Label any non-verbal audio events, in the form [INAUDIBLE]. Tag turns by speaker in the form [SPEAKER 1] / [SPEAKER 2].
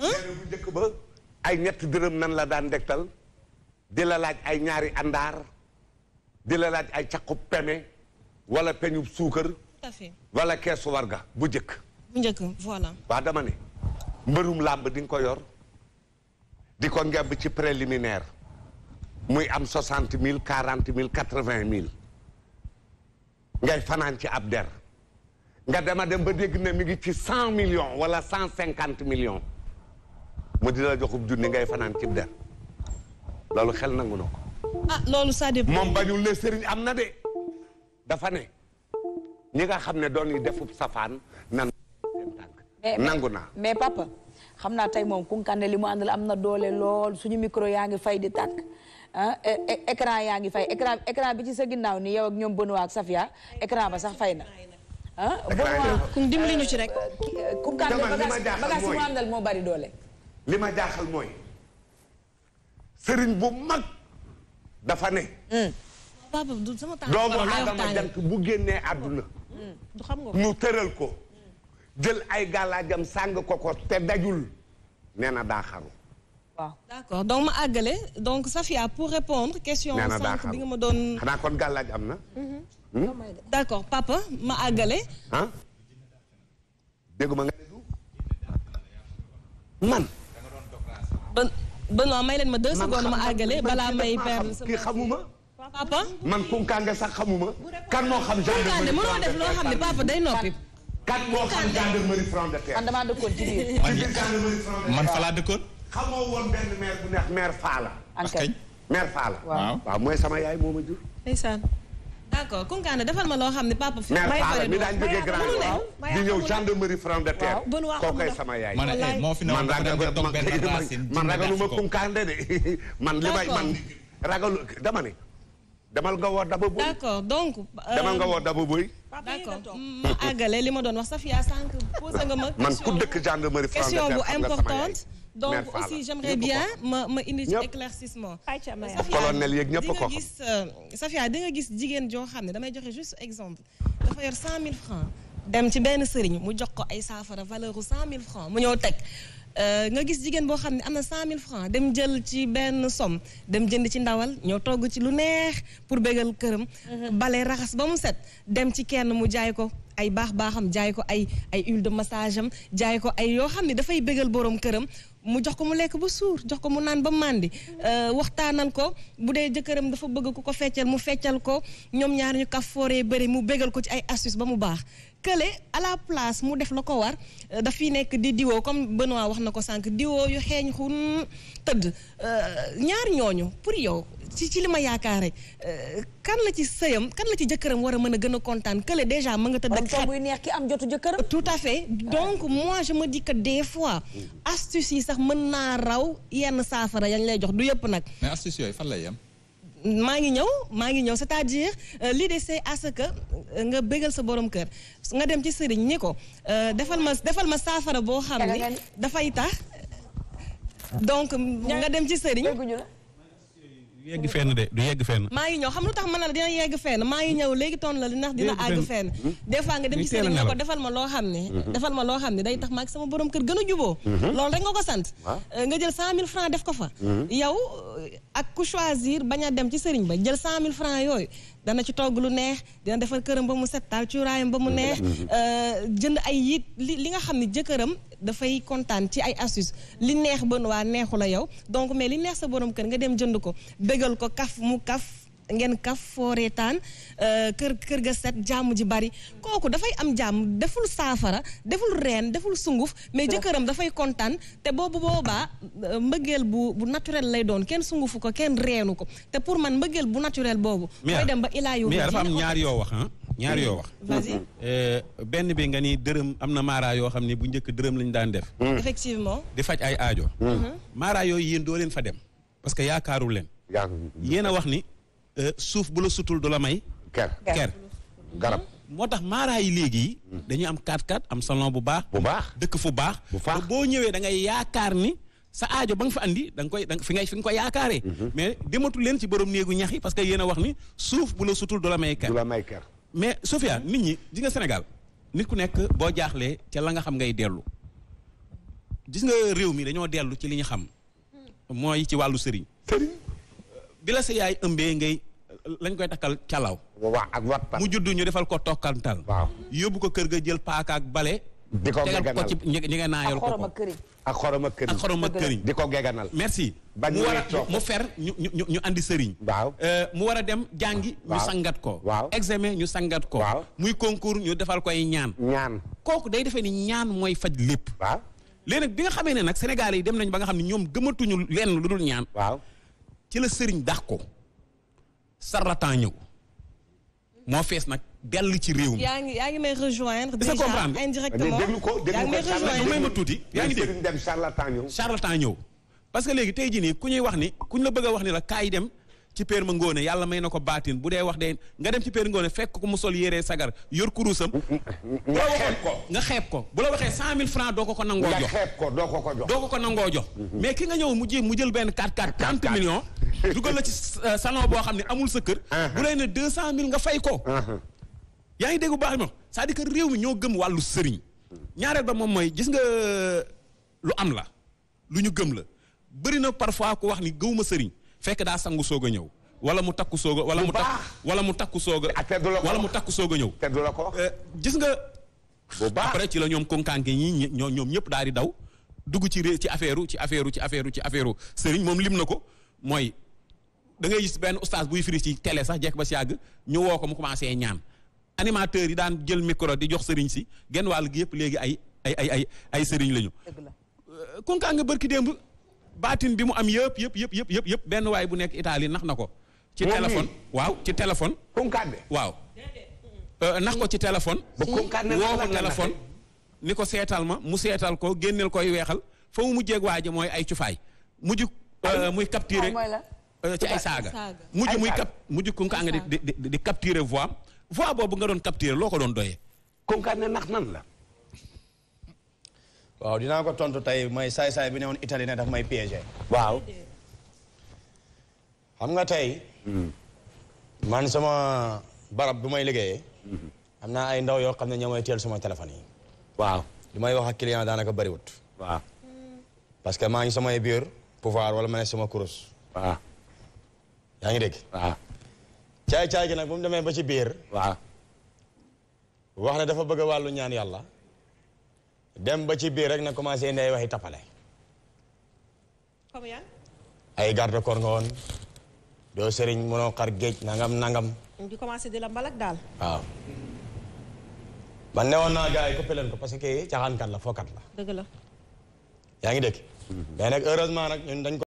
[SPEAKER 1] seere bu njëkk ba ay ñett dërëm nan la daan dektal di la laaj ay ñaari àndaar di la laaj ay caqub peme wala peñub suukar wala keesu ga bu jëkk
[SPEAKER 2] bu njëkk voilà
[SPEAKER 1] waa dama ne mbërum làmb di nga ko yor di ko ngemb ci préliminaire muy am soixante mille quarante mille quatre vingt mille ngay fanaan ci ab der nga dema dem ba dégg ne mi ngi ci cent millions wala cent cinquante millions ma dina la joxub junni ngay fanaan cib der loolu xel nangu na ko. ah loolu ça dépend. moom bañul ne sëriñ am na de dafa ne ñi nga xam ne doon yi defub safaan nan. nangu naa
[SPEAKER 2] mais papa xam naa tey moom kunkande li mu àndal am na doole lool suñu micro yaa ngi fay di tàkk ah yaa ngi fay écran écran bi ci sa ginnaaw ni yow ak ñoom waa ak Safia écran ba sax fay na ah
[SPEAKER 1] Benoît
[SPEAKER 2] dimbali ñu ci rek euh,
[SPEAKER 1] euh, kunkande bagage bagage yi mu
[SPEAKER 2] àndal moo bari doole
[SPEAKER 1] li ma jaaxal mooy sëriñ bu mag dafa ne. Hmm.
[SPEAKER 2] doomu aadama jant
[SPEAKER 1] bu génnee àdduna.
[SPEAKER 2] Hmm. nu
[SPEAKER 1] tëral ko. jël ay gàllaajam sàng ko ko te dajul nee na daa xaru.
[SPEAKER 2] waaw d'accord donc ma àggale donc Safia pour répondre question. nee na nga ma doon.
[SPEAKER 1] xanaa kon gàllaaj am na. Mm-hmm. Hmm?
[SPEAKER 2] d'accord papa ma àggale.
[SPEAKER 1] Ah? dégguma nga déglu man.
[SPEAKER 2] ba non may leen ma deux secondes ma àggale balaa may perdre sama kii xamuma papa
[SPEAKER 1] man kunkaange sax xamuma kan moo xam gendarmerie mënoo def loo xam ne papa day noppi kan moo xam gendarmerie front de terre man damaa dëkkoon ci biir gendarmerie front de terre man fa laa dëkkoon xamoo woon benn maire bu neex maire Faala. ak kañ maire Faala waaw waaw mooy sama yaay moo ma jur
[SPEAKER 2] ndeysaan d'accord Koungheul defal ma loo xam ne papa. may pare mi daan jógee grand waaw
[SPEAKER 1] di ñëw gendarmerie front de terre. kookay sama yaay. man moo fi man ragaluma Koungheul de [LAUGHS] man li may man ragalu dama ne. demal nga woo Daba Boy. d'accord donc. Euh, demal nga woo Daba Boy.
[SPEAKER 2] d'accord ma mm, àggale li ma doon wax Safia sànq posé nga ma. man ku dëkk gendarmerie front de terre question bu importante. donc aussi j'aimerais bien ma ma indi ci éclaircissement colonel yeeg ñëpp ko euh, Safia da nga gis jigéen joo xam ne damay joxe juste exemple dafa yor cent mille francs dem ci benn sëriñ mu jox ko ay saafara valeur u cent mille francs mu ñëw teg euh, nga gis jigéen boo xam ne am na cent mille francs dem jël ci benn somme dem jënd ci ndawal ñoo togg ci lu neex pour bégal këram mhm. bale raxas ba mu set dem ci kenn mu jaay ko ay baax baaxam jaay ko ay ay huile de massage am jaay ko ay yoo xam ne dafay bégal borom këram mu jox ko mu lekk ba suur jox ko mu naan ba màndi euh, waxtaanal ko bu dee jëkkëram dafa bëgg ku ko feccal mu feccal ko ñoom ñaar ñu kaf fooree bëri mu bégal ko ci ay astuce ba mu baax kële à place mu def la ko war euh, dafiy nekk di diwoo comme Benoît wax na ko sànq diwoo yu xeeñ xun tëdd euh, ñaar ñooñu pour yow ci ci li ma yaakaar rek kan la ci sëyam kan la ci jëkkëram war a mën a gën a kontaan kële dèjà ma nga tëdd ak xet buy neex ki am jotu jëkkëram tout à fait donc moi ma me dis que des fois astuce yi sax mën naa raw yenn saafara yañ lay jox du yëpp nag
[SPEAKER 3] mais astuce yooyu fan lay yem
[SPEAKER 2] maa ngi ñëw maa ngi ñëw c'est-à-dire euh, l'idée de à ce que euh, nga bégal sa boroom kër nga dem ci sëriñ ni ko euh, defal ma defal ma saafara boo xam ni dafay tax donc nga dem ci sëriñ
[SPEAKER 3] du yegg fenn de du yegg fenn.
[SPEAKER 2] maa ngi ñëw xam lu tax ma na dina yegg fenn maa ngi ñëw léegi toon la li ndax dina àgg fenn mhm. des fois nga dem ci sëriñ ne ko defal ma loo xam ne mhm. defal ma loo xam ne day tax maag sama borom kër gën a juboo mhm. loolu rek nga ko sant euh, nga jël cent mille francs def ko fa yow euh, ak ku choisir bañ a dem ci sëriñ ba jël cent mille francs yooyu dana ci togg lu neex dina defal këram ba mu set taal cuuraayam ba mu mm-hmm. neex mm-hmm. Euh, jënd ay yit li li nga xam ni jëkkëram dafay kontaan ci ay astuce li neex bën waa neexu la yow donc mais li neex sa borom kër nga dem jënd ko bégal ko kaf mu kaf ngeen kaf foo reetaan euh, kër kër ga set jàmm ji bari kooku dafay am jàmm deful saafara deful reen deful sunguf mais jëkkëram dafay kontaan te boobu boobaa euh, mbëggeel bu bu naturel lay doon kenn sungufu ko kenn reenu ko te pour man mbëggeel bu naturel boobu mooy dem ba ilaa yu dafa am ah.
[SPEAKER 3] ñaar yoo wax ñaar yoo wax benn bi nga ni dërëm am na maaraa yoo xam ne bu njëkk dërëm lañu daan def hmm.
[SPEAKER 2] effectivement
[SPEAKER 3] di faj ay aajo hmm. mhm. maaraa yooyu yéen doo leen fa dem parce que yaakaaru leen yéen a wax ni Euh, suuf bu la sutul du la may. ker ker moo tax maaraay yi léegi. dañuy am 4-4 am salon bu baax. bu baax dëkk fu baax. bu baax boo ñëwee da ngay yaakaar ni. sa aajo ba nga fa andi da koy da fi ngay fi nga koy yaakaaree. Mhm. mais dematul leen ci borom néegu ñax yi parce que yéen a wax ni suuf bu la sutul du la may ker. du la may ker. nit ñi di nga senegal nit ku nekk boo jaaxlee ca la nga xam ngay dellu. gis nga réew mi dañoo dellu ci li ñu xam. Hmm. mooy ci wàllu sëriñ. sëriñ. bi sa yaay ëmbee ngay lañ koy takkal calaw waaw ak wat mu juddu ñu defal ko tokkantal waaw yóbbu ko kër ga jël paaka ak bale di ko geganal ko ci ñi nga naayal ko
[SPEAKER 2] ak
[SPEAKER 3] xoroma këriñ ak xoroma këriñ di ko geganal merci mu war a mu fer ñu ñu ñu andi sëriñ waaw euh, mu war a dem jàngi ñu sangat ko waaw examen ñu sangat ko muy concours ñu defal koy ñaan ñaan kooku day defee ni ñaan mooy faj lépp waaw léegi bi nga xamee ne nag Sénégal yi dem nañ ba nga xam ne ñoom gëmatuñu lenn lu dul ñaan waaw ci la sëriñ dax ko sarlatan ñëw moo fees nag dell ci réew mi.
[SPEAKER 2] yaa ngi yaa ngi may rejoindre. déjà indirectement déglu ko déglu ko
[SPEAKER 3] may ma tuuti. yaa ngi dégg dem charlatan ñëw. charlatan ñëw parce que léegi tey jii nii ku ñuy wax ni ku ñu la bëgg a wax ni la kaay dem ci péer ma ngóone yàlla may na ko baatin bu dee wax de nga dem ci péer ngóone fekk ko mu sol yéree sagar yor kurusam. nga xeeb ko nga xeeb ko bu la waxee cent mille francs doo ko ko nangoo jox. nga xeeb ko doo ko ko jox. doo ko ko nangoo jox. Mhm. mais ki nga ñëw mu jéem mu jël benn 4 4 30 millions [LAUGHS] dugal la ci euh, salon boo xam ne amul sa kër. Uh-huh. bu lay ne deux cent mille nga fay ko. Uh-huh. yaa ngi dégg bu baax ma saa di kër réew mi ñoo gëm wàllu sëriñ. ñaareel ba moom mooy gis nga euh, lu am la lu ñu gëm la bëri na parfois ku wax ni gëwuma sëriñ fekk daa sangu soog a ñëw. wala mu takku soog wala mu takku wala mu takku soog a ah, wala mu takku soog a ñëw. teddu ko euh, gis nga. bu baax après ci la ñoom konkaanke ñi ñoo ñoom ñëpp daal di daw dugg ci ré ci affaire ci affaire ci affaire ci affaire sëriñ moom lim na ko mooy da ngay gis benn oustaz buy firi ci télé sax jekk ba si yàgg ñëwoo ko mu commencé ñaan animateur yi daan jël micro di jox sëriñ si genn wàll gi yëpp léegi ay ay ay ay ay sëriñ lañu. Euh, kunkaa nga bërki démb baatin bi mu am yëpp yëpp yëpp yëpp yëpp yëpp benn waay bu nekk Italie nax na ko. ci téléphone waaw ci téléphone. kunkaane waaw. Euh, nax ko ci téléphone. ba kunkaane woo ko téléphone. ni ko seetal ma mu seetal ko génneel koy weexal fa mu mujjeeg waa ji mooy ay cufaay mujj euh, muy capturé Euh, ci ay saaga mujj muy cap kunkaanga di di di capturer boobu nga doon capturer loo ko doon doyee kunkaanga ne nax nan la waaw dinaa ko tontu tey
[SPEAKER 1] mooy saay-saay bi ne woon Italie ne daf may piégé waaw xam nga tey man sama barab bu may liggéeyee am naa ay ndaw yoo xam ne ñoo may teel sama téléphone yi waaw li may wax ak client daanaka bariwut waaw parce que maa ngi samay biir pouvoir wala ma ne sama kurus yaa ngi dégg. waaw. caay caay gi nag bu mu demee ba ci biir. waaw. wax ne dafa bëgg wàllu ñaan yàlla. dem ba ci biir rek na commencé indi ay waxi tappale. comme ay garde corps nga doo sëriñ mënoo xar géej nangam nangam.
[SPEAKER 2] di commencé di la mbalak daal.
[SPEAKER 1] waaw. man newoon naa gars yi coupé leen ko parce que caxaankat la fookat la. yaa ngi dégg. Mhm. mais heureusement nag ñun dañ ko.